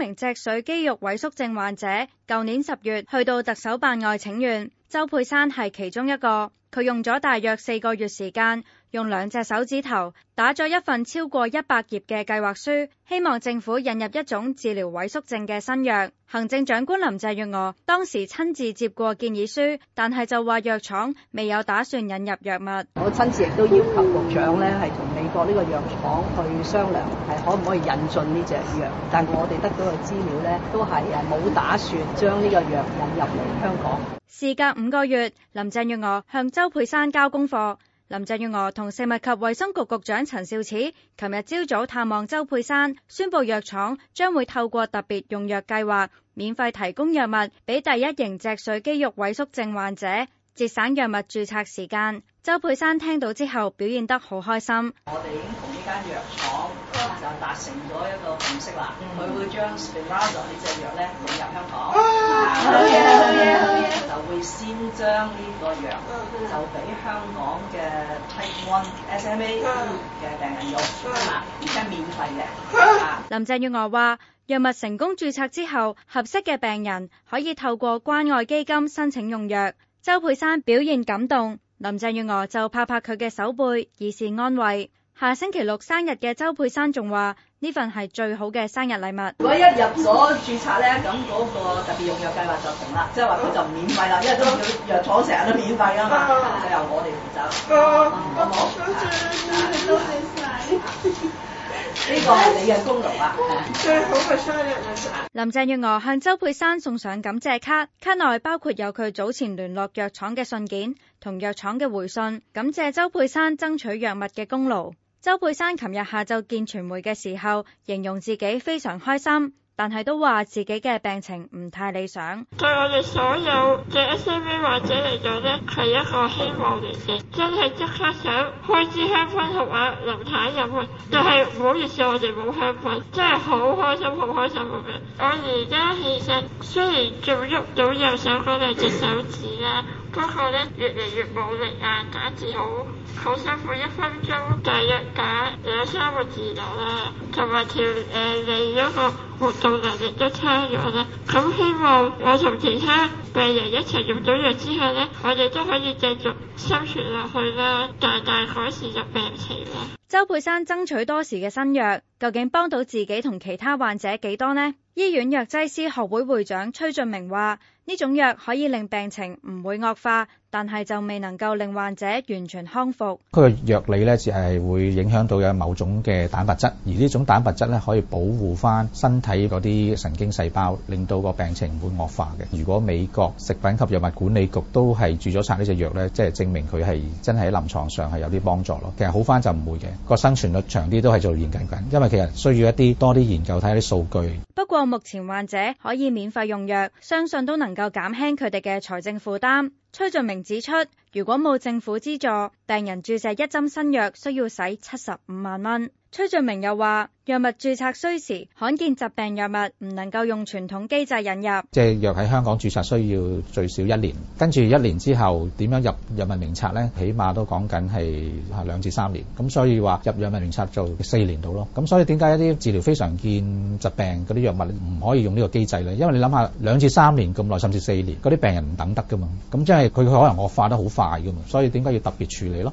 一名脊髓肌肉萎縮症患者，舊年十月去到特首辦外請願，周佩珊係其中一個。佢用咗大約四個月時間，用兩隻手指頭打咗一份超過一百頁嘅計劃書，希望政府引入一種治療萎縮症嘅新藥。行政長官林鄭月娥當時親自接過建議書，但係就話藥廠未有打算引入藥物。我親自亦都要求局長咧係。美國呢個藥廠去商量係可唔可以引進呢隻藥。但我哋得到嘅資料呢，都係誒冇打算將呢個藥引入嚟香港。事隔五個月，林鄭月娥向周佩珊交功課。林鄭月娥同食物及衛生局局長陳肇始琴日朝早探望周佩珊，宣布藥廠將會透過特別用藥計劃，免費提供藥物俾第一型脊髓肌肉萎縮症患者，節省藥物註冊時間。周佩珊聽到之後，表現得好開心。我哋已經同呢間藥廠就達成咗一個共識啦，佢會將 Spinraza 呢隻藥引入香港。好嘢，好嘢，好嘢！就會先將呢個藥就俾香港嘅平安 SMA 嘅病人用，而家免費嘅。林鄭月娥話：藥物成功註冊之後，合適嘅病人可以透過關愛基金申請用藥。周佩珊表現感動。林鄭月娥就拍拍佢嘅手背，以示安慰。下星期六生日嘅周佩珊仲話：呢份係最好嘅生日禮物。我一入咗注冊呢，咁嗰個特別用藥,藥計劃就停啦，即係話佢就唔免費啦，因為都佢藥廠成日都免費啊嘛，就由我哋負責。呢個係你嘅功勞啊！ 最好嘅生日禮物。林鄭月娥向周佩珊送上感謝卡，卡內包括有佢早前聯絡藥廠嘅信件同藥廠嘅回信，感謝周佩珊爭取藥物嘅功勞。周佩珊琴日下晝見傳媒嘅時候，形容自己非常開心。但係都話自己嘅病情唔太理想。對我哋所有嘅 SMA 患者嚟講咧，係一個希望嚟嘅。真係即刻想開支香檳同埋林太飲啊，就係、是、唔好意思，我哋冇香檳，真係好開心，好開心咁樣。我而家其實雖然仲喐到右手嗰兩隻手指啊， 不過咧越嚟越冇力啊，打字好好辛苦，一分鐘嘅一打。三個字咁啦，同埋調誒你嗰個活動能力都差咗啦。咁希望我同其他病人一齊用咗藥之後咧，我哋都可以繼續生存落去啦，大大改善入病情啦。周佩珊爭取多時嘅新藥，究竟幫到自己同其他患者幾多呢？醫院藥劑師學會會長崔俊明話。呢種藥可以令病情唔會惡化，但係就未能夠令患者完全康復。佢嘅藥理咧，只係會影響到有某種嘅蛋白質，而呢種蛋白質咧，可以保護返身體嗰啲神經細胞，令到個病情唔會惡化嘅。如果美國食品及藥物管理局都係注咗冊呢隻藥呢，即係證明佢係真係喺臨床上係有啲幫助咯。其實好返就唔會嘅，個生存率長啲都係做研究緊，因為其實需要一啲多啲研究睇下啲數據。不過目前患者可以免費用藥，相信都能夠。有減輕佢哋嘅財政負擔。崔俊明指出，如果冇政府資助，病人注射一針新藥需要使七十五萬蚊。崔俊明又話，藥物注冊需時，罕見疾病藥物唔能夠用傳統機制引入。即係藥喺香港注冊需要最少一年，跟住一年之後點樣入藥物名冊咧？起碼都講緊係吓兩至三年，咁所以話入藥物名冊做四年度咯。咁所以點解一啲治療非常見疾病嗰啲藥物唔可以用呢個機制咧？因為你諗下兩至三年咁耐，甚至四年，嗰啲病人唔等得噶嘛。咁即係。係佢佢可能惡化得好快，所以點解要特別處理咯？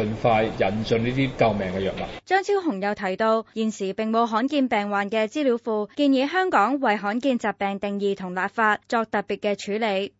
盡快引進呢啲救命嘅藥物。張超雄又提到，現時並冇罕見病患嘅資料庫，建議香港為罕見疾病定義同立法作特別嘅處理。